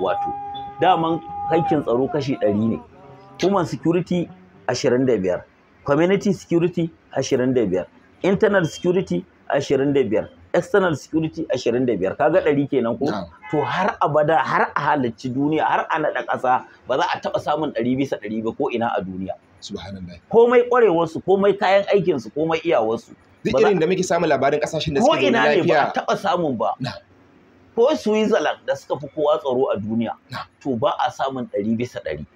wato daman haƙƙin tsaro kashi ɗari ne human security ashirin da biyar community security ashirin da biyar internal security ashirin da biyar external security 25 kaga ɗari kenan ko to har abada har a halacci duniya har a nada ƙasa ba za a taɓa samun ɗari bisa ɗari ba ko ina a duniya komai ƙwarewarsu komai kayan aikinsu komai iyawarsu duk irin da muke samun labarin ƙasashen da suke lafiya ko ina ne ba a taɓa samun ba ko Switzerland da suka fi kowa tsaro a duniya to ba a samun ɗari bisa ɗari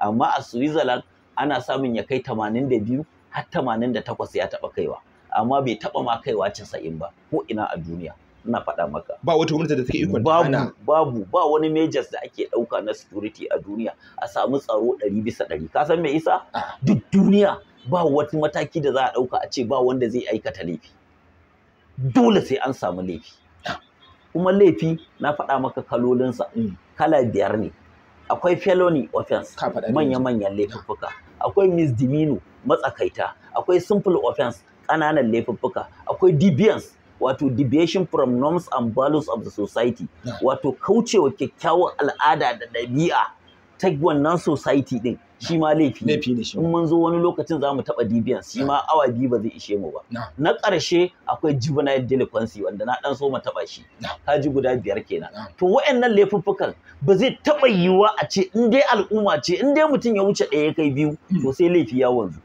amma a Switzerland ana samun ya kai 82 har 88 ya taɓa kaiwa amma bai taɓa ma kaiwa 90 ba ko ina a duniya ina faɗa maka ba wata gwamnati da take ikon babu babu ba wani majors da ake ɗauka na security a duniya a samu tsaro ɗari bisa ɗari ka san me isa ah. duk duniya ba wata mataki da za a ɗauka a ce ba wanda zai aikata laifi dole sai an samu laifi kuma laifi na faɗa maka kalolinsa kala biyar ne akwai felony offense manya-manyan laifuffuka akwai misdemeanor matsakaita akwai simple offense ƙananan laifuffuka akwai deviance wato deviation from norms and values of the society wato kaucewa kyakkyawar al'ada da ɗabi'a ta wannan society din shi ma laifi ne in mun zo wani lokacin za mu taɓa dibiyan shi ma awa biyu ba zai ishe mu ba na ƙarshe akwai juvenile delinquency wanda na ɗan so mu taɓa shi Ka ji guda biyar kenan to waɗannan laifuffukan ba zai taɓa yiwuwa a ce in dai al'umma ce in dai mutum ya wuce ɗaya kai biyu hmm. to sai laifi ya wanzu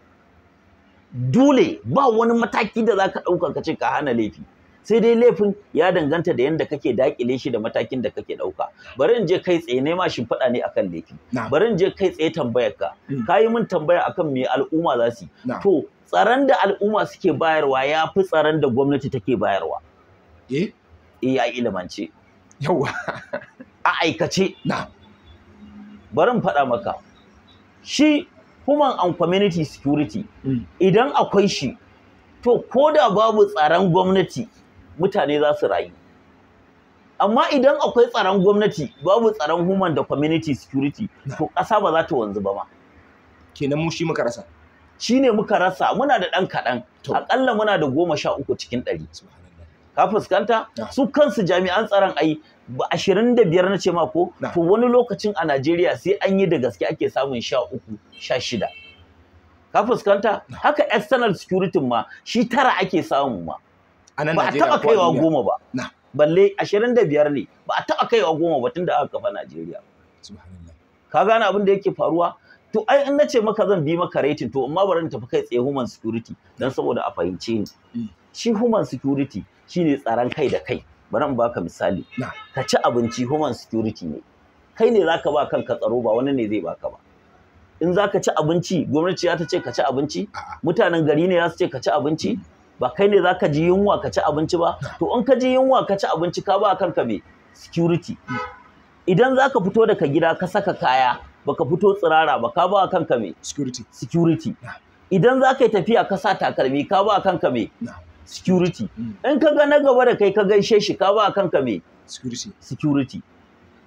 dole ba wani mataki da za ka ɗauka ka ka hana laifi sai dai laifin ya danganta da yadda kake dakile shi da matakin da kake ɗauka bari in je kai tsaye nema fada ne akan laifin bari in je kai tsaye tambayar mm. ka yi min tambaya akan me al'umma za su to tsaron da al'umma suke bayarwa ya fi tsaron da gwamnati take bayarwa eh, eh a ilimance yawa a aikace bari in faɗa maka shi human and community security mm. idan akwai shi to ko da babu tsaron gwamnati mutane za su rayu amma idan akwai tsaron gwamnati babu tsaron human da community security to ƙasa ba za ta wanzu ba ma kenan mu shi muka rasa shi ne muka rasa muna da ɗan kaɗan aƙalla muna da goma sha uku cikin ɗari ka fuskanta su kansu jami'an tsaron ai ashirin da biyar na ce ma ko to wani lokacin a najeriya sai an yi da gaske ake samun sha uku sha shida ka fuskanta haka external security ma shi tara ake samu ma ba a taɓa kaiwa goma ba balle ashirin da biyar ne ba a taɓa kaiwa goma ba tun da aka kafa Najeriya ka gane abin da yake faruwa to ai in ce maka zan bi maka rating to amma bari in tafi kai tsaye human security dan saboda a fahimce ni mm. shi human security shine tsaron kai da kai bari in baka misali ka ci abinci human security ne kai ne zaka ba kanka tsaro ba wani ne zai baka ba in zaka ci abinci gwamnati ya ta ce ka ci abinci mutanen gari ne za su ce ka ci abinci mm. ba kai ne za ka ji yunwa ka ci abinci ba to in ka ji yunwa ka ci abinci ka ba kanka me security idan za ka fito daga gida ka saka kaya baka fito tsirara ba ka ba kanka me security security idan za ka yi tafiya ka sa takalmi ka ba kanka me security hmm. in ka ga na gaba da kai ka gaishe shi ka ba kanka me security security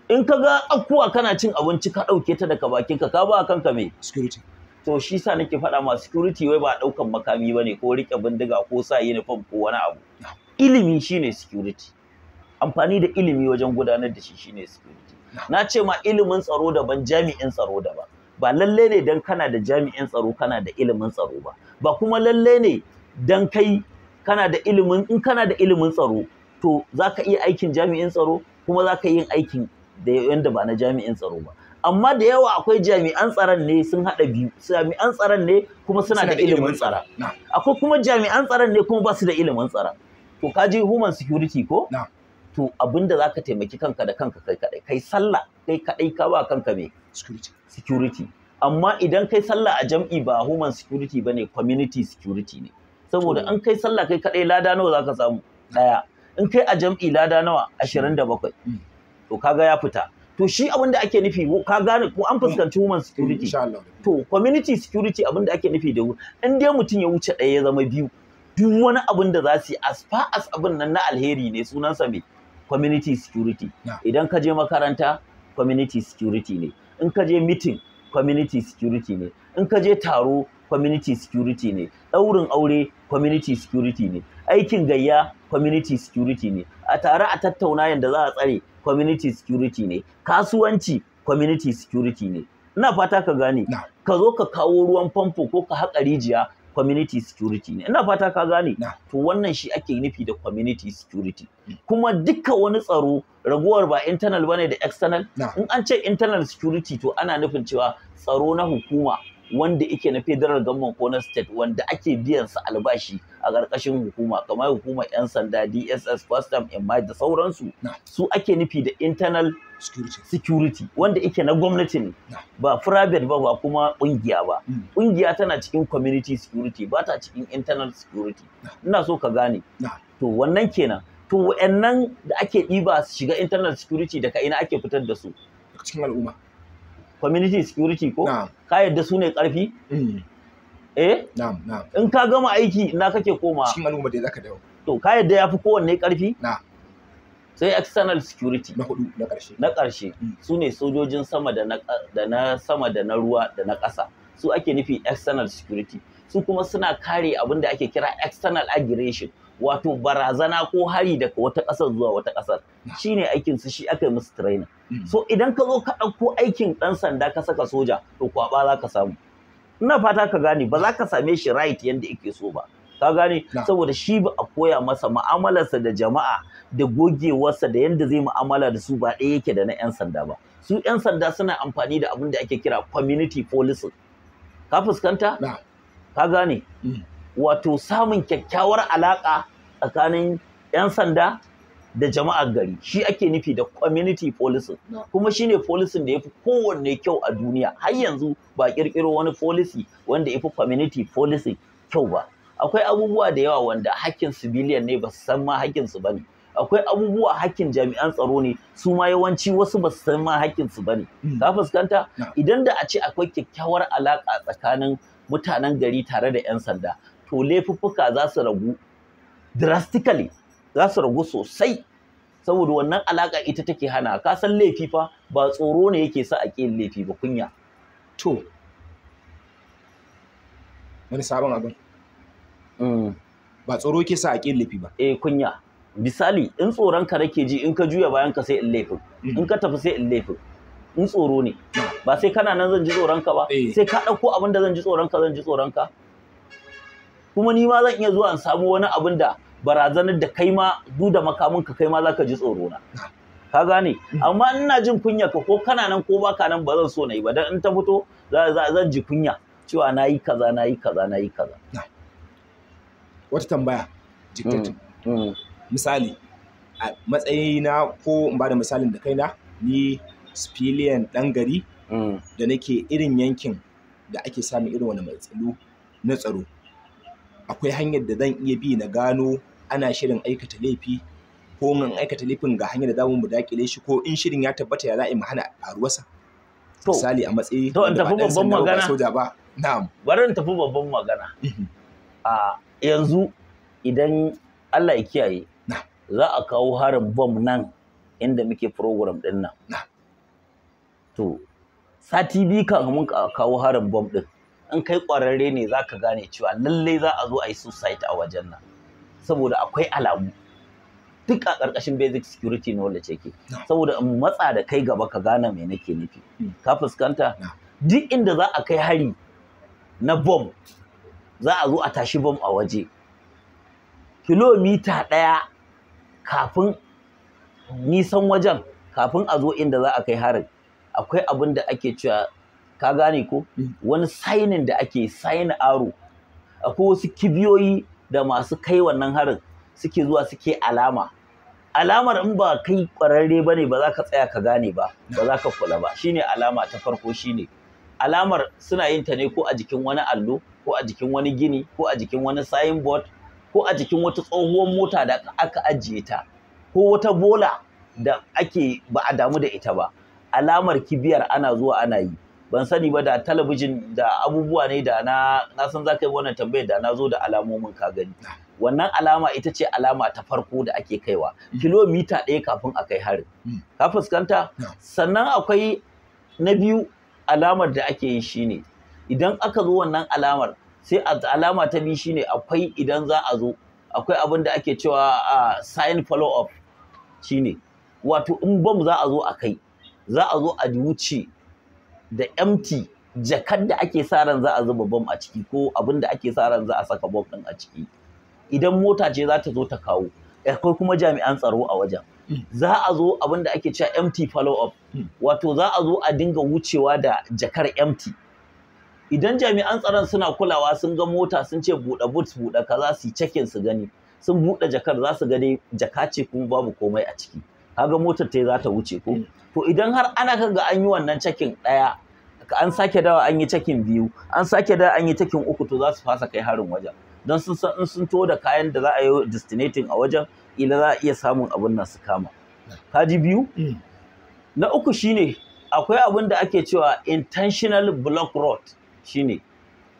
in ka ga akuwa kana cin abinci ka ɗauke ta daga bakinka ka ba kanka me security to shi sa nake faɗa ma security wai ba ɗaukan makami ba ne ko riƙe bindiga ko sa uniform ko wani abu ilimi shine security amfani da ilimi wajen gudanar da shi shine security na ce ma ilimin tsaro daban jami'in tsaro daban ba lalle ne dan kana da jami'in tsaro kana da ilimin tsaro ba ba kuma lalle ne dan kai kana da ilimin in kana da ilimin tsaro to zaka iya aikin jami'in tsaro kuma zaka yi aikin da yanda ba na jami'in tsaro ba amma da yawa akwai jami'an tsaron ne sun haɗa biyu jami'an tsaron ne kuma suna da ilimin tsara akwai kuma jami'an tsaron ne kuma ba su da ilimin tsara to ka je human security ko to abinda zaka taimaki kanka da kanka kai kadai kai sallah kai kadai ka ba kanka me security amma idan kai sallah a jam'i ba human security bane community security ne saboda an kai sallah kai kaɗai lada nawa zaka samu Ɗaya. in kai a jam'i lada nawa da 27 mm. to kaga ya fita to shi abin da ake nufi ka gane ko an fuskanci human security to community security abin da ake nufi da in dai mutum ya wuce ɗaya ya zama biyu duk wani abin da za su yi as far as abin nan na alheri ne sunansa mai community security idan ka je makaranta community security ne in ka je meeting community security ne in ka je taro community security ne ɗaurin aure community security ne aikin gayya community security ne a tare a tattauna yadda za a tsare community security ne kasuwanci community security ne ina fata ka gane ka zo ka kawo ruwan famfo ko ka haƙa rijiya community security ne ina fata ka gane to wannan shi ake nufi da community security hmm. kuma duka wani tsaro raguwar ba internal bane da external in an ce internal security to ana nufin cewa tsaro na hukuma wanda yake na federal government ko na state wanda ake biyan sa albashi a ƙarƙashin hukuma kamar hukumar 'yan sanda dss custom and da sauransu su ake nufi da internal security, wanda ike na gwamnati ne ba private ba ba kuma ƙungiya ba hmm. ƙungiya tana cikin community security ba ta cikin internal security ina so ka gane to wannan kenan to wa'annan da ake ɗiba su shiga internal security daga ina ake fitar da su cikin al'umma community security ko ka yadda su ne ƙarfi hmm. eh na'am na'am in ka gama aiki ina kake koma cikin al'umma dai zaka yafi kowanne karfi na'am sai external security na hudu na karshe na karshe mm. su ne sojojin sama da na da na sama da na ruwa da na ƙasa su ake nufi external security su kuma suna kare abin da ake kira external aggression wato barazana ko hari daga wata ƙasar zuwa wata ƙasar shine aikin su shi aka yi musu training mm. so idan ka zo ka ɗauko aikin ɗan sanda ka saka soja to kwaba za ka samu ina fata ka gane ba za ka same shi right yadda yake so ba ka gane saboda shi ba a koya masa mu'amalarsa da jama'a da gogewarsa da yadda zai mu'amala da su ba ɗaya yake da na 'yan sanda ba su 'yan sanda suna amfani da abin da ake kira community policing ka fuskanta ka gane mm. wato samun kyakkyawar alaƙa tsakanin 'yan sanda da jama'ar gari shi ake nufi da community policing kuma shine policing da ya fi kowanne kyau a duniya har yanzu ba kirkiro wani policy wanda yafi community policing kyau ba akwai abubuwa da yawa wanda hakkin civilian ne ba su san ma hakkin su bane akwai abubuwa hakkin jami'an tsaro ne su ma yawanci wasu ba su san ma hakkin su bane hmm. ka fuskanta idan da a ce akwai kyakkyawar alaƙa tsakanin mutanen gari tare da 'yan sanda to laifuffuka za su ragu drastically za su ragu sosai saboda wannan alaka ita take hana ka san laifi fa ba tsoro ne yake sa a ƙin laifi ba kunya to wani sabon abin mm. ba tsoro ke sa a ƙin laifi ba eh kunya misali in tsoron ka nake ji in ka juya bayan ka sai in laifin mm. in ka tafi sai in laifin in tsoro ne ba sai kana nan zan ji tsoron ka ba eh. sai ka ɗauko abin da zan ji tsoron ka zan ji tsoron ka kuma ni ma zan iya zuwa in samu wani abin da barazanar da kai ma du da makamin ka kai ma zaka ji tsoro na ka gane amma ina jin kunya ka ko kana nan ko baka nan ba zan so na yi ba dan in ta fito zan ji kunya cewa na yi kaza na yi kaza na yi kaza wata tambaya mm, mm. misali a matsayina ko in bada misalin da kaina ni civilian dan gari mm. da nake irin yankin da ake samun irin wani matsalo na tsaro akwai hanyar da zan iya bi na gano ana shirin aikata laifi ko in aikata laifin ga hanyar da zamu mu dakile shi ko in shirin ya tabbata ya za'i mu hana faruwarsa misali a matsayi to in tafi babban magana soja ba na'am bari in tafi babban magana mhm. a yanzu idan Allah ya kiyaye za a kawo harin bom nan inda muke program din nan to sati biyu kan mun kawo harin bom din in kai kwararre ne zaka gane cewa lallai za a zo a yi suicide a wajen nan saboda akwai alamu duk a ƙarƙashin basic security knowledge yake saboda in matsa da kai gaba ka gane me nake nufi hmm. ka fuskanta duk inda za a kai hari na bom za a zo a tashi bom a waje kilomita ɗaya kafin nisan wajen kafin a zo inda za a kai hari. akwai abin da ake cewa ka gane ko hmm. wani sainin da ake sign aro akwai wasu kibiyoyi da masu kai wannan harin suke zuwa suke alama alamar in ba kai kwararre ba ne ba za ka tsaya ka gane ba ba za ka kula ba shine alama ta farko shine alamar suna yin ta ne ko a jikin wani allo ko a jikin wani gini ko a jikin wani signboard ko a jikin wata tsohuwar mota da aka ajiye ta ko wata bola da ake ba a damu da ita ba alamar kibiyar ana zuwa ana yi ban sani ba da talabijin da abubuwa ne da na na san zaka yi wannan tambayar da na zo da alamomin ka gani wannan alama ita ce alama ta farko da ake kaiwa hmm. kilomita ɗaya kafin a kai hari. Hmm. ka fuskanta hmm. sannan akwai na biyu alamar da ake yi shine idan aka zo wannan alamar sai alama ta biyu shine akwai idan za a zo akwai abin da ake cewa sign follow up shine wato in bam za a zo a kai za a zo a wuce da empty jakar da ake sa ran za a zuba bom a ciki ko abin da ake sa ran za a saka bom ɗin a ciki idan mota ce za ta zo ta kawo akwai kuma jami'an tsaro a wajen za a zo abin da ake cewa empty follow up wato za a zo a dinga wucewa da jakar empty idan jami'an tsaron suna kulawa sun ga mota sun ce buɗe boots buɗe kaza su cekin su gani sun buɗe jakar za su ga dai jaka ce kuma babu komai a ciki kaga motar ta za ta wuce ko mm. to idan har ana kaga an yi wannan cekin ɗaya an sake dawa an yi cakin biyu an sake dawa an yi cakin uku to za su fasa kai harin wajen don sun san in sun to da kayan da za a yi destinating a wajen ila za a iya samun abin nan su kama kaji biyu mm. na uku shine akwai abin da ake cewa intentional block road shine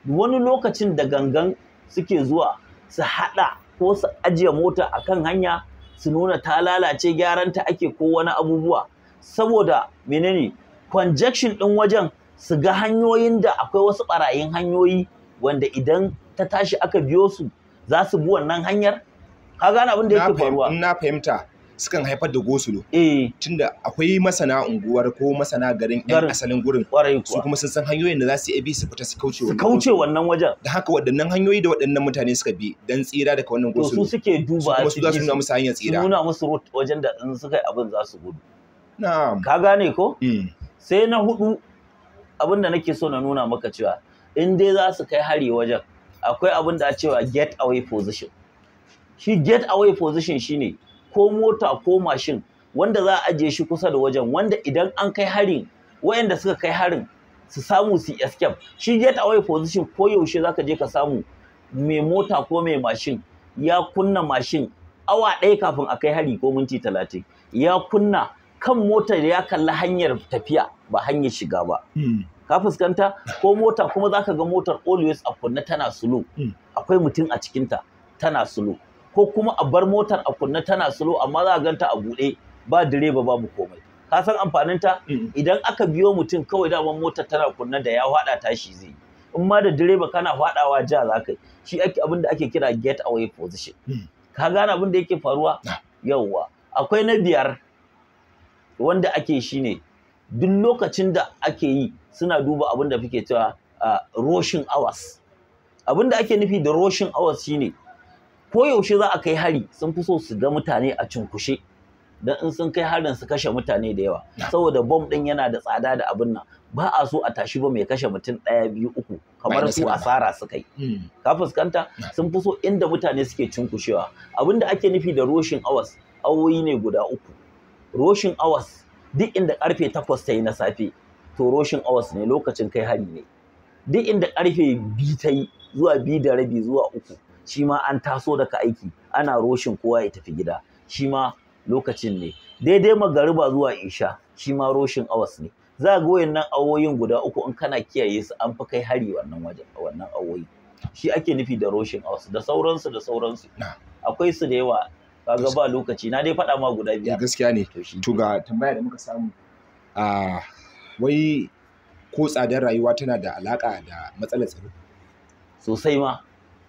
wani lokacin da gangan suke zuwa su hada ko su ajiye mota a kan hanya su nuna ta lalace gyaranta ake ko wani abubuwa saboda menene conjection din wajen su ga hanyoyin da akwai wasu ɓarayin hanyoyi wanda idan ta tashi aka biyo su za su bi wannan hanyar ka gane abin da yake faruwa na fahimta sukan haifar da gosulo eh tunda akwai masana unguwar ko masana garin yan asalin gurin su kuma sun san hanyoyin da za su bi su fita su kauce wannan kauce wannan wajen da haka waɗannan hanyoyi da waɗannan mutane suka bi dan tsira daga wannan gosulo su suke duba su kuma su nuna musu hanyar tsira nuna musu wajen da in suka yi abin za su gudu na'am ka gane ko mm. sai na hudu abin da nake so na nuna maka cewa in dai za su kai hari wajen akwai abin da a cewa get away position shi get away position shine ko mota ko mashin wanda za a ajiye shi kusa da wajen wanda idan an kai harin wayanda suka kai harin su samu su escape shi get away position ko yaushe zaka je ka samu mai mota ko mai mashin ya kunna mashin awa ɗaya kafin a kai hari ko minti talatin ya kunna kan motar ya kalli hanyar tafiya ba hanyar shiga ba hmm. ka fuskanta ko mota kuma zaka ga motar always a kunna tana sulu. Hmm. akwai mutum a cikinta tana sulu. ko kuma a bar motar a kunna tana sulu amma za ganta a buɗe ba direba babu komai ka san amfaninta. Hmm. idan aka biyo mutum kawai daman motar tana kunna da ya ta tashi zai in ma da direba kana fadawa ja za kai shi ake abin da ake kira get away position ka gane abin da yake faruwa ah. yawwa akwai na biyar wanda ake shi ne. duk lokacin da ake yi suna duba abin da fike cewa roshin hours abin da ake nufi da roshin awas shine ko yaushe za a kai hari sun fi so su ga mutane a cunkushe. don in sun kai harin su kashe mutane da yawa saboda bom din yana da tsada da abin nan ba a so a tashi ba mai kashe mutum ɗaya biyu uku kamar su asara su kai hmm. ka fuskanta sun fi so inda mutane suke cunkushewa. abin da ake nufi da roshin awas, awoyi ne guda uku roshin hours duk inda karfe takwas ta yi na safe to roshin Awas ne lokacin kai hari ne duk inda karfe biyu ta yi zuwa biyu da rabi zuwa uku shi ma an taso daga aiki ana roshin kowa ya tafi gida shi ma lokacin ne daidai magariba zuwa isha shi ma roshin Awas ne za ga nan awoyin guda uku in kana kiyaye su an fi kai hari wannan wajen wannan awoyi shi ake nufi da roshin Awas. da sauransu da sauransu akwai su da yawa kaga ba lokaci na dai faɗa ma guda eh, biyar gaskiya ne to ga tambaya da muka samu wai ko tsadar rayuwa tana da alaka da matsalar tsaro sosai ma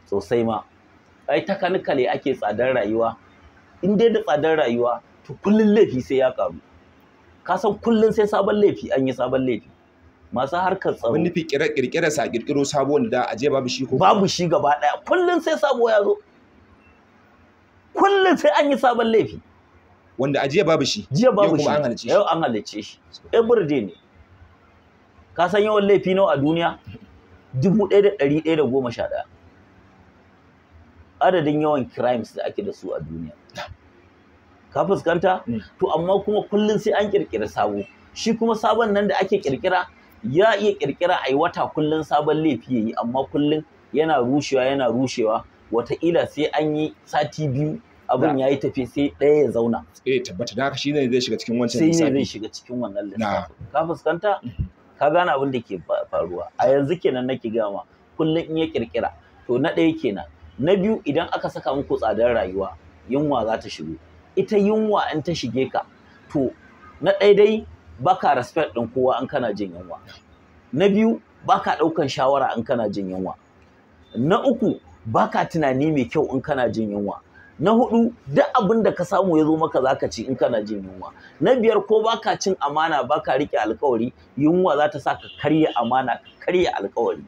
sosai ma ai takanika ne ake tsadar rayuwa in dai da tsadar rayuwa to kullun laifi sai ya karu ka san kullun sai sabon laifi an yi sabon laifi masu harkar tsaro. Wani nufi kirkirar sa kirkiro sabo da a je babu shi ko. Babu shi gaba ɗaya kullum sai sabo ya zo. kullum sai an yi sabon laifi wanda a babu shi jiya babu shi yau an halice shi every ne ka san yawan laifi nawa a duniya dubu ɗaya da ɗari ɗaya da goma sha ɗaya adadin yawan crimes da ake da su a duniya ka fuskanta hmm. to amma kuma kullum sai an kirkira sabo shi kuma sabon nan da ake ƙirƙira ya iya ƙirƙira a wata kullum sabon laifi ya yi amma kullum yana rushewa yana rushewa wataƙila sai an yi sati biyu abin ya yi tafi sai ɗaya ya zauna. Eh tabbata da haka shi ne zai shiga cikin wancan lissafi. Sai ne zai shiga cikin wannan lissafi. Ka fuskanta? Mm-hmm. Ka gane abin da ke faruwa. A yanzu kenan nake gama kullum in ya kirkira. To na ɗaya kenan. Na biyu idan aka saka muku tsadar rayuwa yunwa za ta shigo. Ita yunwa in ta shige ka to na ɗaya dai baka respect ɗin kowa in kana jin yunwa. Na biyu baka ɗaukan shawara in kana jin yunwa. Na uku baka tunani mai kyau in kana jin yunwa na hudu duk abin da ka samu ya zo maka zaka ci in kana jin yunwa na biyar ko baka cin amana baka rike alkawari yunwa za ta sa ka karya amana ka karya alkawari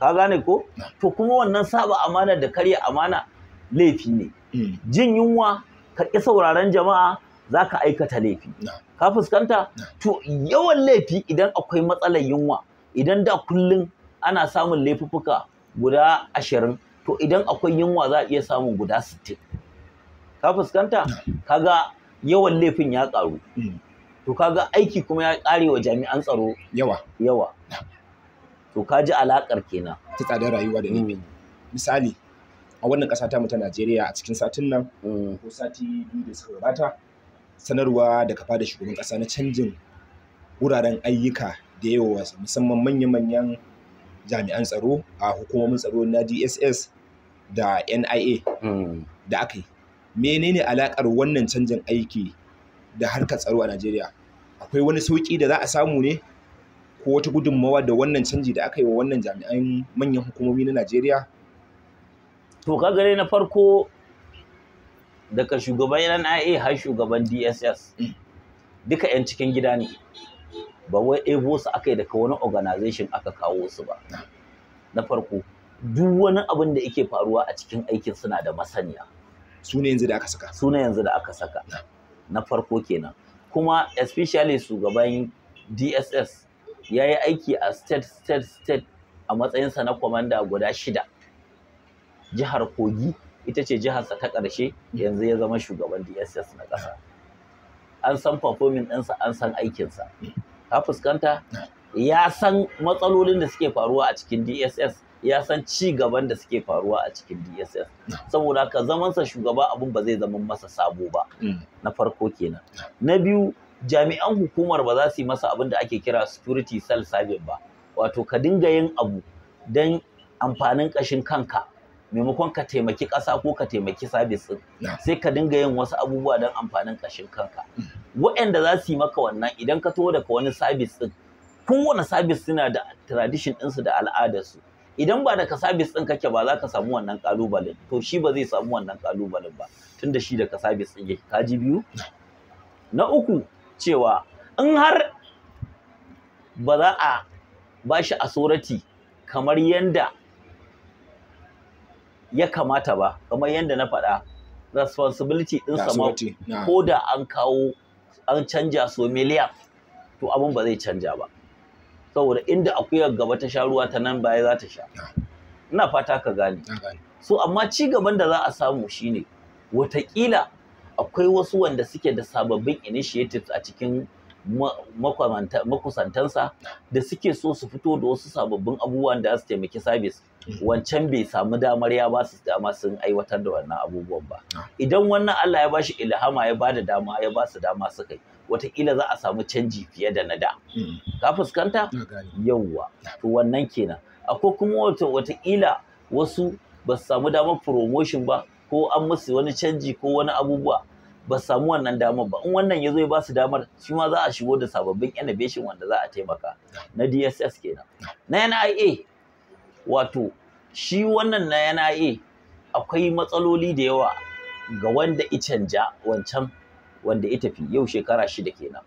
ka gane ko to kuma wannan saba amana da karya amana laifi ne hmm. jin yunwa ka ƙi sauraron jama'a za ka aikata laifi ka fuskanta to yawan laifi idan akwai matsalar yunwa idan da kullum ana samun laifuffuka guda ashirin to idan akwai yunwa za a iya samun guda sittin ka fuskanta kaga yawan laifin ya ƙaru hmm. to kaga aiki kuma ya ƙare wa jami'an tsaro yawa yawa ah. to ka ji alaƙar kenan ta tsadar rayuwa da nemi misali a wannan ƙasa ta ta Najeriya a cikin satin nan hmm. ko sati biyu da suka gabata sanarwa da kafa da shugaban ƙasa na canjin wuraren ayyuka da yawa musamman manya-manyan jami'an tsaro a hukumomin tsaro na DSS da nia hmm. da aka yi menene alakar wannan canjin aiki da harkar tsaro a najeriya akwai wani sauƙi da za a samu ne ko wata gudunmawa da wannan canji da aka yi wa wannan jami'an manyan hukumomi na najeriya to ka gare na farko daga shugaban nia har shugaban dss duka 'yan cikin gida ne ba wai ebo su aka yi daga wani organization aka kawo su ba na farko duk wani abin da yake faruwa a cikin aikin suna da masaniya su yanzu da aka saka su yanzu da aka saka na farko kenan kuma especially shugaban dss ya yi aiki a state state state a matsayinsa na kwamanda guda shida jihar kogi ita ce jiharsa ta ƙarshe yanzu ya zama shugaban dss na ƙasa an san performing ɗinsa an san aikinsa ka fuskanta ya san matsalolin da suke faruwa a cikin dss ya san ci gaban da suke faruwa a cikin DSS. Saboda haka zamansa shugaba abun ba zai zama masa sabo ba. Mm. Na farko kenan. Na biyu jami'an hukumar ba za su yi masa abin da ake kira security cell sabin ba. Wato ka dinga yin abu don amfanin ƙashin kanka maimakon ka taimaki ƙasa ko ka taimaki sabis ɗin sai ka dinga yin wasu abubuwa don amfanin ƙashin kanka. Mm. Waɗanda za su yi maka wannan idan ka taho daga wani sabis ɗin kowane sabis suna da tradition ɗinsu da su. idan ba da kasabis ɗin kake ba za ka samu wannan ƙalubalen to shi ba zai samu wannan ƙalubalen ba tun da shi daga sabis ɗin yake kaji biyu na uku cewa in har ba za a ba shi asorati kamar yanda ya kamata ba kamar yanda na faɗa responsibility ɗin sama ko da an kawo an canja so to abin ba zai canja ba saboda inda akuyar gaba ta sha ruwa ta nan baya za ta sha ina fata ka gane so amma ci gaban da za a samu shine watakila akwai wasu wanda suke da sababbin initiatives a cikin makusantansa da suke so su fito da wasu sababbin abubuwan da su taimaki sabis mm-hmm. wancan bai samu damar ya ba su dama sun aiwatar da wannan abubuwan ba ah. idan wannan Allah ya ba shi ilhama ya ba da dama ya ba su dama su yi wataƙila za a samu canji fiye da na da mm-hmm. ka fuskanta yawwa to wannan kenan akwai kuma wataƙila wasu ba su samu damar promotion ba ko an musu wani canji ko wani abubuwa ba su samu wannan damar ba in wannan ya zo ya ba su damar shi ma za a shigo da sababbin innovation wanda za a taimaka na dss kenan na nia wato shi wannan na nia akwai matsaloli da yawa ga wanda i ja wancan wanda ita tafi yau shekara shida kenan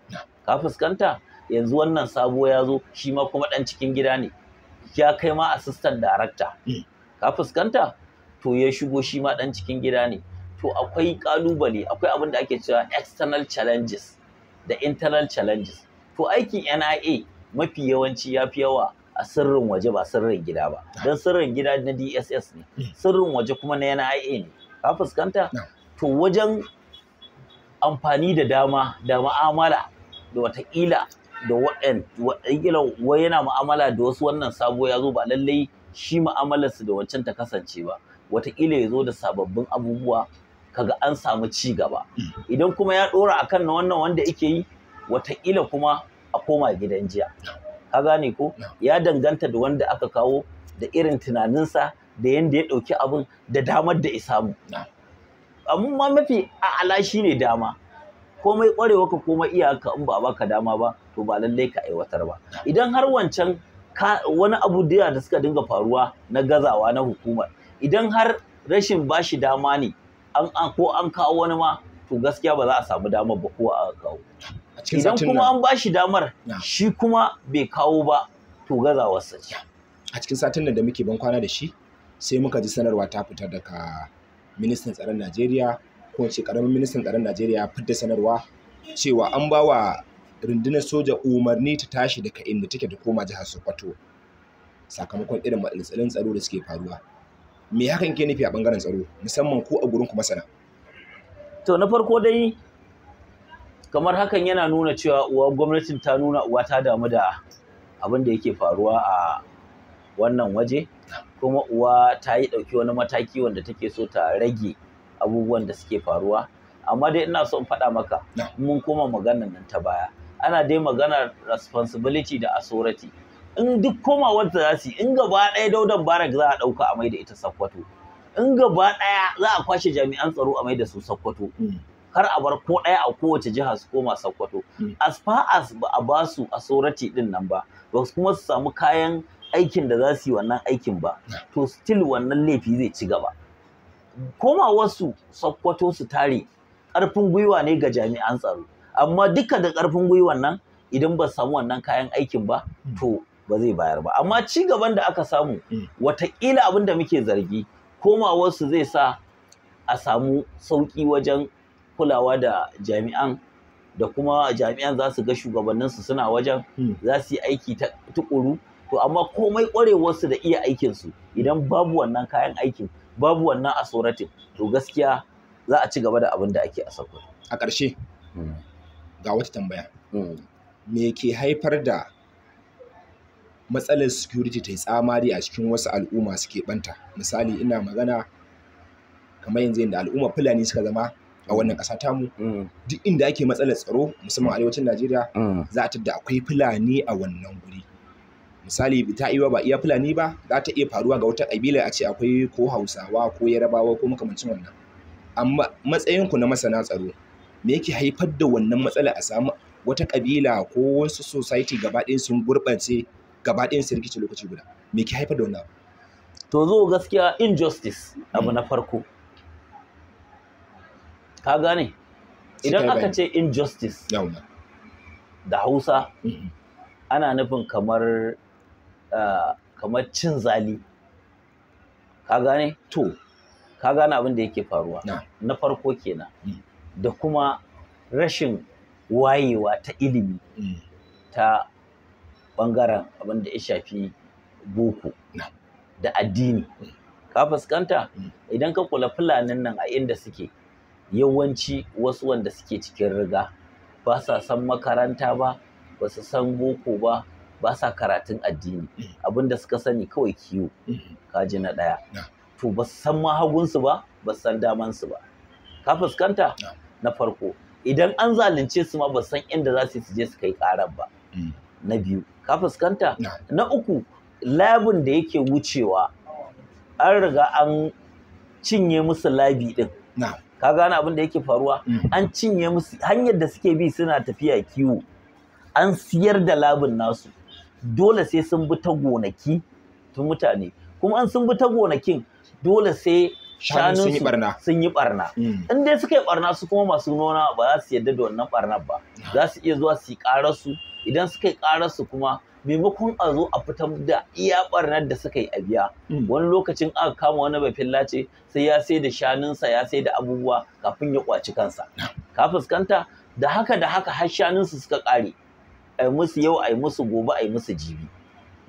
ka fuskanta yanzu wannan sabo ya zo shi ma kuma dan cikin gida ne ya kai ma assistant director hmm. ka fuskanta to ya shigo shi ma dan cikin gida ne to akwai kalubale akwai abin da ake cewa external challenges da internal challenges to aikin NIA mafi yawanci ya fi yawa a sirrin waje ba sirrin gida ba don sirrin gida na DSS ne sirrin waje kuma na NIA ne ka fuskanta to wajen amfani da dama da ma'amala da wataƙila da watakila wai yana ma'amala da wasu wannan sabo ya zo ba lallai shi ma'amalarsu da wancan ta kasance ba wataƙila ya zo da sababbin abubuwa kaga an samu ci gaba hmm. idan kuma ya dora akan na wannan wanda yake yi watakila kuma a koma gidan jiya ka gane ko hmm. ya danganta da wanda aka kawo da irin tunaninsa da yanda ya ɗauki abin da damar da samu amma mafi a'ala ne dama komai ƙwarewa ka koma iyaka in ba a baka dama ba to ba lallai ka aiwatar ba idan har wancan wani abu da suka dinga faruwa na gazawa na hukumar idan har rashin bashi dama ne an ko an kawo wani ma to gaskiya ba za a samu damar ba kowa aka kawo idan kuma an ba shi damar shi kuma bai kawo ba to wasa ce a cikin satin nan da muke ban kwana da shi sai muka ji sanarwa ta fita daga ministan tsaron Najeriya ko ce karamin ministan tsaron Najeriya fidda sanarwa cewa an ba wa rundunar soja umarni ta tashi daga inda take da koma jihar Sokoto sakamakon irin matsalolin tsaro da suke faruwa me hakan ke nufi a bangaren tsaro musamman ko a gurin ku masana to na farko dai kamar hakan yana nuna cewa uwa gwamnatin ta nuna uwa ta damu da abin da yake faruwa a wannan waje kuma uwa ta yi ɗauki wani mataki wanda take so ta rage abubuwan da suke faruwa amma dai ina so in faɗa maka mun koma maganar nan ta baya ana dai maganar responsibility da authority in duk komawar ta za su yi, in gaba ɗaya daudan barak za a ɗauka a mai da ita sakkwato in gaba ɗaya za a kwashe jami'an tsaro a mai da su sakkwato hmm. kar a bar ko ɗaya a kowace jiha su koma sakkwato hmm. as far as ba a ba su a sorati ɗin nan ba ba su kuma su samu kayan aikin da za su yi wannan aikin ba to still wannan laifi zai ci gaba wasu sakkwato su tare ƙarfin gwiwa ne ga jami'an tsaro amma duka da ƙarfin gwiwan nan idan ba samu wannan kayan aikin ba hmm. to ba zai bayar ba amma ci gaban da aka samu hmm. watakila abin da muke zargi komawarsu zai sa a samu sauƙi wajen kulawa da jami'an da kuma jami'an za su ga shugabanninsu suna wajen hmm. za su yi aiki ta tukuru to amma komai ƙwarewarsu da iya aikinsu idan babu wannan kayan aikin babu wannan asoratin to gaskiya za a ci gaba da abin da ake a a ƙarshe hmm. ga wata tambaya me ke haifar da matsalar security ta yi tsamari a cikin wasu al'umma suke banta misali ina magana kamar yanzu yadda al'umma fulani suka zama a wannan ƙasa tamu mm. duk inda ake matsalar tsaro musamman arewacin najeriya mm. za a da akwai fulani a wannan guri misali ta iya ba iya fulani ba za ta iya faruwa ga wata ƙabila a ce akwai ko hausawa ko yarabawa ko makamancin wannan amma matsayinku na masana tsaro me yake haifar da wannan matsala a samu wata ƙabila ko wasu society gaba ɗaya sun gurɓace gaba ɗayan sai rikici lokaci guda me ke haifar da wannan abu to zo gaskiya injustice abu na farko ka gane idan aka ce injustice da hausa ana nufin kamar ah, kamar cin zali ka gane to ka gane abin da yake faruwa na farko kenan mm. da kuma rashin wayewa ta ilimi mm. ta ɓangaren abin da ya shafi boko da addini ka fuskanta idan ka kula fulanin nan a inda suke yawanci wasu wanda suke cikin riga ba sa san makaranta ba ba su san boko ba ba sa karatun addini abin da suka sani kawai kiwo kaji na ɗaya to ba su san mahagunsu ba ba su san damansu ba ka fuskanta na farko idan an zalunce su ma ba san inda za su je su kai karar ba mm. na biyu ka fuskanta na uku labin da yake wucewa an riga an cinye musu labi din ka gane abin da yake faruwa mm. an cinye musu hanyar da suke bi suna tafiya kiwo an siyar da labin nasu dole sai sun bi ta gonaki tun mutane kuma an sun bi ta gonakin dole sai shanu sun yi barna sun yi barna mm. in dai suka yi barna su kuma masu nona ba za su yadda da wannan barnar ba za su iya zuwa su yi ƙararsu. idan suka yi karar su kuma maimakon a zo a fitar da iya barnar da suka yi a biya mm. wani lokacin aka kama wani bai fillace sai ya sai da shanunsa ya sai da abubuwa kafin ya kwaci kansa ka fuskanta da haka da haka har shanunsu suka kare yi musu yau a yi musu gobe a yi musu jibi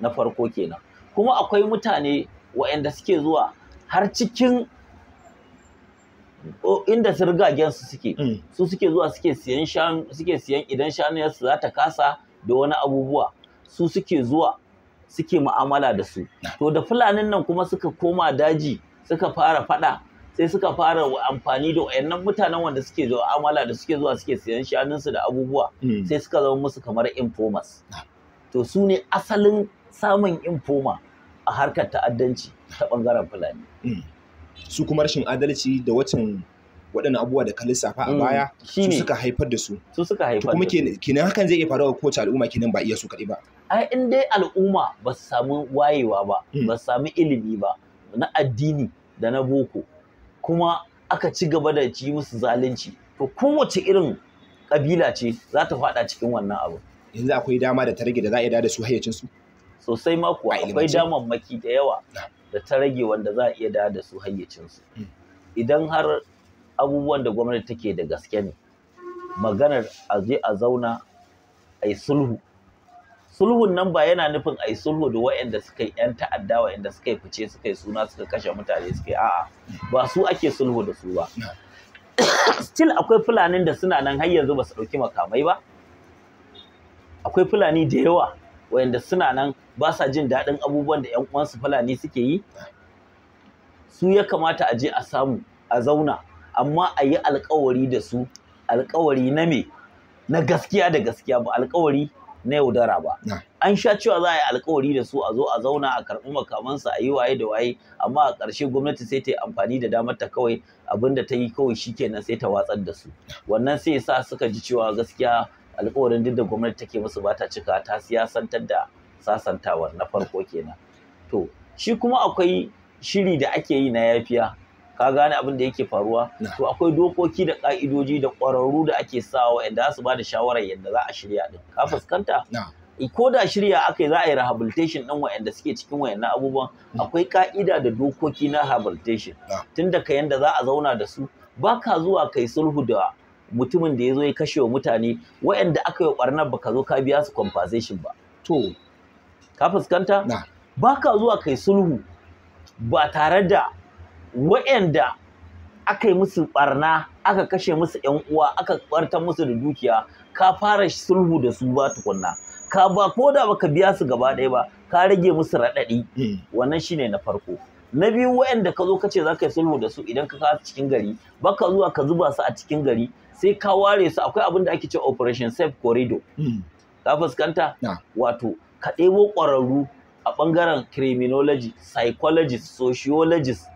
na farko kenan kuma akwai mutane waɗanda suke zuwa har cikin inda sirgagen su suke mm. su suke zuwa suke siyan idan shanu za ta kasa da wani abubuwa su suke zuwa suke mu'amala da su to da fulanin nan kuma suka koma daji suka fara fada sai suka fara amfani da wayannan mutanen wanda suke zuwa amala da suke zuwa suke siyan shanunsu da abubuwa mm. sai suka zama musu kamar informers to su ne asalin samun informa a harkar ta'addanci ta bangaren fulani mm. su kuma rashin adalci da wacin waɗannan abubuwa da ka lissafa a mm, baya su suka haifar da su su suka haifar da su. kuma kenan hakan zai iya faruwa kowace al'umma kenan ba iya su kaɗai ba ai in dai al'umma ba su samu wayewa ba mm. ba su samu ilimi ba na addini da na boko kuma aka ci gaba da ci musu zalunci to kowace irin kabila ce za ta faɗa cikin wannan abu yanzu akwai dama da ta rage da za a yi da su hayyacin su sosai ma akwai damammaki da yawa da ta rage wanda za a iya da da su hayyacinsu hmm. idan har abubuwan da gwamnati take da gaske ne maganar a je a zauna a yi sulhu sulhun nan ba yana nufin a yi sulhu da wa'anda suka yi 'yan ta'adda wa'anda suka yi fice suka yi suna suka kashe mutane suka yi a'a ba su ake sulhu da su ba hmm. still akwai fulanin da suna nan har yanzu ba su ɗauki makamai ba akwai fulani da yawa wa'anda suna nan ba sa jin daɗin abubuwan da 'yan uwansu fulani suke yi su ya kamata a je a samu a zauna amma a yi alkawari da su alkawari na me na gaskiya da gaskiya ba alkawari na yaudara ba an sha cewa za a yi alkawari da su a zo a zauna a karɓi makamansa a yi waye da waye amma a ƙarshe gwamnati sai ta yi amfani da damar ta kawai abin da ta yi kawai shikenan sai ta watsar da su wannan sai sa suka ji cewa gaskiya alkawarin duk da gwamnati take musu ba ta cika ta siyasantar da sasantawa na farko kenan to shi kuma akwai shiri da ake yi na yafiya ka gane abin da yake faruwa to akwai dokoki da ka'idoji da ƙwararru da ake sawa yadda su ba da shawarar yadda za a shirya din ka fuskanta e, ko da shirya aka za a yi rehabilitation ɗin wa'anda suke cikin wayanna abubuwan akwai ka'ida da dokoki na rehabilitation Tunda da ka yanda za a zauna da su ba ka zuwa kai sulhu da mutumin da ya zo ya kashe wa mutane wa'anda aka yi baka ba ka zo ka biya su compensation ba to ka fuskanta ba ka zuwa kai sulhu ba tare da wa'anda aka yi musu barna aka kashe musu yan uwa aka kwartar musu da dukiya ka fara sulhu da su ba tukunna ka ba ko da baka biya su gaba ɗaya ba ka rage musu raɗaɗi hmm. wannan shine na farko na biyu wa'anda ka zo ka ce za ka yi sulhu da su idan ka ka cikin gari baka zuwa ka zuba su a cikin gari sai ka ware su akwai abin da ake ce operation safe corridor hmm. ka fuskanta wato ka ɗebo ƙwararru a ɓangaren criminology psychologist sociologist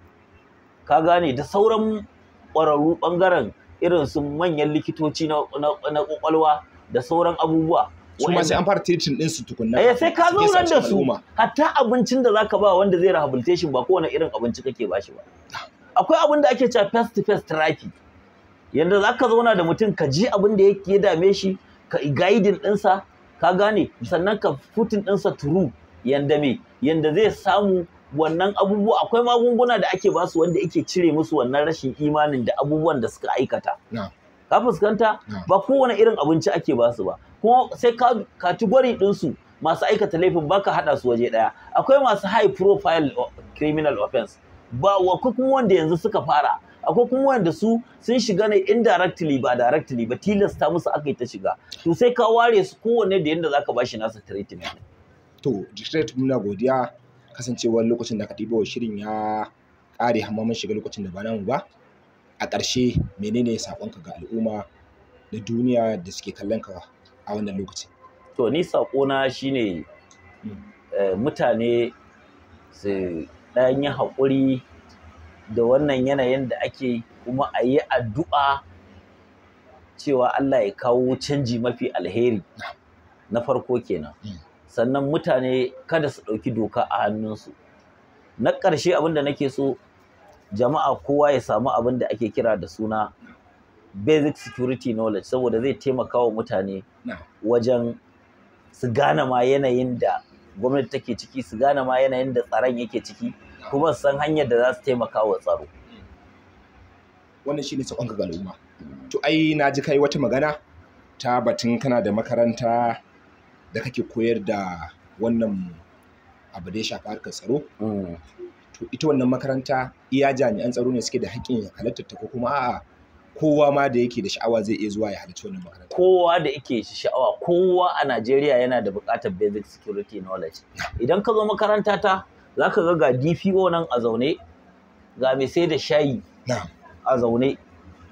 ka gane da sauran ƙwararru ɓangaren irin su manyan likitoci na ƙwaƙwalwa da sauran abubuwa su ma sai an fara titin din su tukunna eh sai ka zaunar da su hatta abincin da zaka ba wanda zai rehabilitation ba kowane irin abinci kake bashi ba akwai abin da ake cewa face to face therapy yanda zaka zauna da mutum ka ji abin da yake dame shi ka guiding ɗinsa ka gane mm. sannan ka putin ɗinsa turu yanda me yanda zai samu wannan abubuwa akwai magunguna da ake basu wanda yake cire musu wannan rashin imanin da abubuwan da suka aikata ka fuskanta ba kowane irin abinci ake basu ba kuma sai ka kategori ɗinsu masu aikata laifin baka haɗa su waje ɗaya akwai masu high profile uh, criminal offense ba wa kuma wanda yanzu suka fara akwai kuma wanda su sun shiga ne indirectly ba directly ba tilasta musu aka yi ta shiga to sai ka ware su kowanne da yadda zaka bashi nasa treatment to district muna godiya kasancewar lokacin da ka ɗibo shirin ya kare amma mun shiga lokacin da ba namu ba a ƙarshe menene saƙonka ga al'umma da duniya da suke kallon ka a wannan lokacin to ni saƙona shine mm. eh, mutane su ɗan yi haƙuri da wannan yanayin da ake kuma a yi addu'a cewa Allah ya kawo canji mafi alheri na farko kenan hmm. sannan mutane kada su ɗauki doka a hannunsu na ƙarshe abin da nake so jama'a kowa ya samu abin da ake kira da suna basic security knowledge saboda zai taimaka wa mutane wajen su gane ma yanayin da gwamnati take ciki su gane ma yanayin da tsaron yake ciki kuma san hanyar da za su taimaka wa tsaro wannan shine sakon ga al'umma to ai na ji kai wata magana ta batun kana da makaranta da kake koyar da wannan abu da ya shafi harkar tsaro mm. to ita wannan makaranta iya jami'an tsaro ne suke da haƙƙin halartar ta ko kuma a'a kowa ma da yake da sha'awa zai iya zuwa ya halarci wannan makaranta kowa da yake sha'awa kowa a Najeriya yana da buƙatar basic security knowledge idan ka zo makaranta ta za ka ga ga dpo nan a zaune ga mai sai da shayi a zaune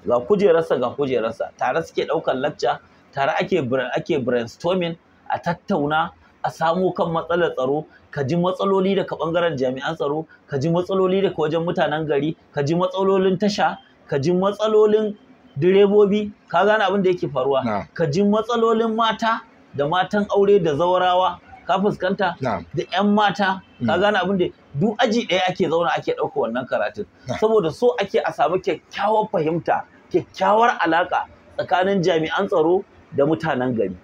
ga kujerarsa ga kujerarsa tare suke ɗaukar lacca tare ake ake brainstorming a tattauna a samu kan matsalar tsaro ka ji matsaloli daga bangaren jami'an tsaro ka ji matsaloli daga wajen mutanen gari ka ji matsalolin tasha ka ji matsalolin direbobi ka gane abin da yake faruwa ka ji matsalolin mata da matan aure da zawarawa ka fuskanta da yan mata ka mm. gane abin da duk aji ɗaya ake zauna ake ɗauka wannan karatun saboda so ake a samu kyakkyawar fahimta kyakkyawar alaƙa tsakanin jami'an tsaro da mutanen gari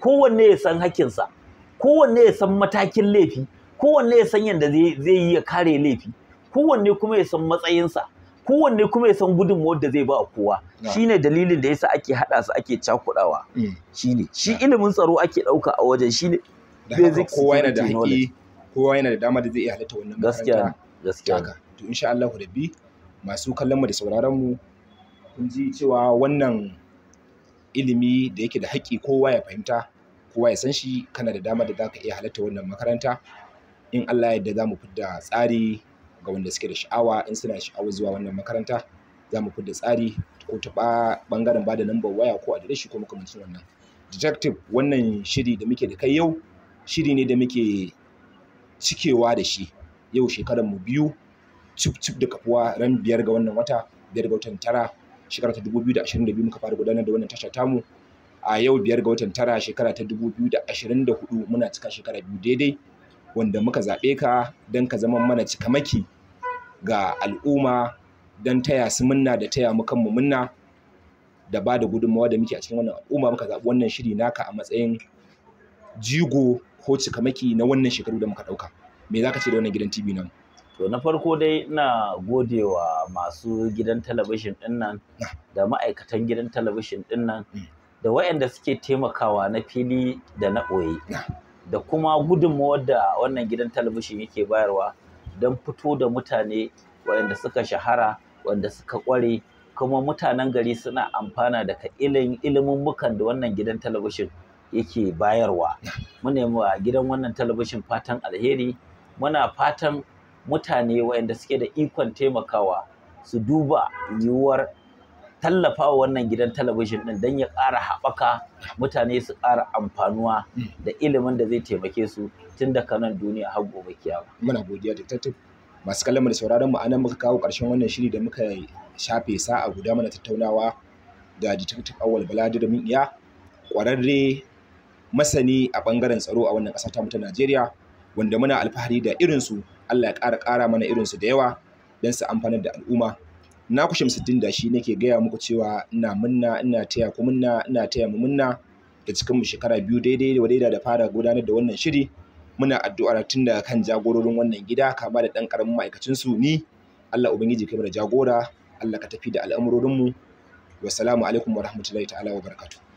kowanne ya san hakinsa kowanne ya san matakin laifi kowanne ya san yadda zai yi ya kare laifi kowanne kuma ya san matsayinsa kowanne kuma ya san gudunmuwar da zai ba a kowa shine dalilin da yasa ake haɗa su ake cakuɗawa mm. shine shi ilimin tsaro ake ɗauka a wajen shine da kowa yana da haƙi kowa yana da dama da zai iya halatta wannan gaskiya gaskiya to insha Allah rabbi masu kallon mu da sauraron mu kun ji cewa wannan ilimi da yake da haƙi kowa ya fahimta kowa ya san shi kana da dama da zaka iya halatta wannan makaranta in Allah ya yarda za mu fidda tsari ga wanda suke da sha'awa in suna sha'awa zuwa wannan makaranta za mu fidda tsari ko ta bangaren bada lambar waya ko adireshi ko makamancin wannan detective wannan shiri da muke da kai yau shiri ne da muke cikewa da shi yau shekarar mu biyu cip cip da kafuwa ran biyar ga wannan wata biyar ga watan tara shekara ta dubu biyu da da ashirin biyu muka fara gudanar da wannan tasha tamu a yau biyar ga watan tara shekara ta dubu biyu da da ashirin hudu muna cika shekara biyu daidai wanda muka zaɓe ka don ka zama mana cikamaki ga al'umma don taya su munna da taya mu kanmu munna da ba da gudunmawa da muke a cikin wannan al'umma muka zaɓi wannan shiri naka a matsayin jigo ko cikamaki na wannan shekaru da muka ɗauka me za ka ce da wannan gidan tv nan to na farko dai ina godewa masu gidan talabijin din nan da ma'aikatan gidan talabijin din nan mm. da wayanda suke taimakawa na fili da na ɓoye da kuma gudunmawar da wannan gidan talabijin yake bayarwa don fito da mutane waɗanda suka shahara waanda suka ƙware kuma mutanen gari suna amfana daga ilimin mukan da wannan gidan talabijin yake bayarwa muna nemi a gidan wannan talabishin fatan alheri muna fatan mutane waɗanda suke da ikon taimakawa su duba yiwuwar tallafa wa wannan gidan talabijin ɗin don ya ƙara haɓaka mutane su ƙara amfanuwa da ilimin da zai taimake su tun da kanan duniya har gobe Muna godiya tattu masu kallon da sauraron mu anan muka kawo ƙarshen wannan shiri da muka shafe sa'a guda mana tattaunawa da detective Awal Baladi da mun iya ƙwararre masani a ɓangaren tsaro a wannan ƙasar ta ta Najeriya wanda muna alfahari da irinsu Allah ya ƙara ƙara mana irin su da yawa don su amfanar da al'umma na kushe musuddin da shi nake gaya muku cewa ina munna ina taya ku munna ina taya mu munna da cikin mu shekara biyu daidai da wadaida da fara gudanar da wannan shiri muna addu'a tun daga kan jagororin wannan gida kama da ɗan ƙaramin ma'aikacin su ni Allah ubangiji kai mana jagora Allah ka tafi da al'amurorin mu wassalamu alaikum wa rahmatullahi ta'ala wa barakatuh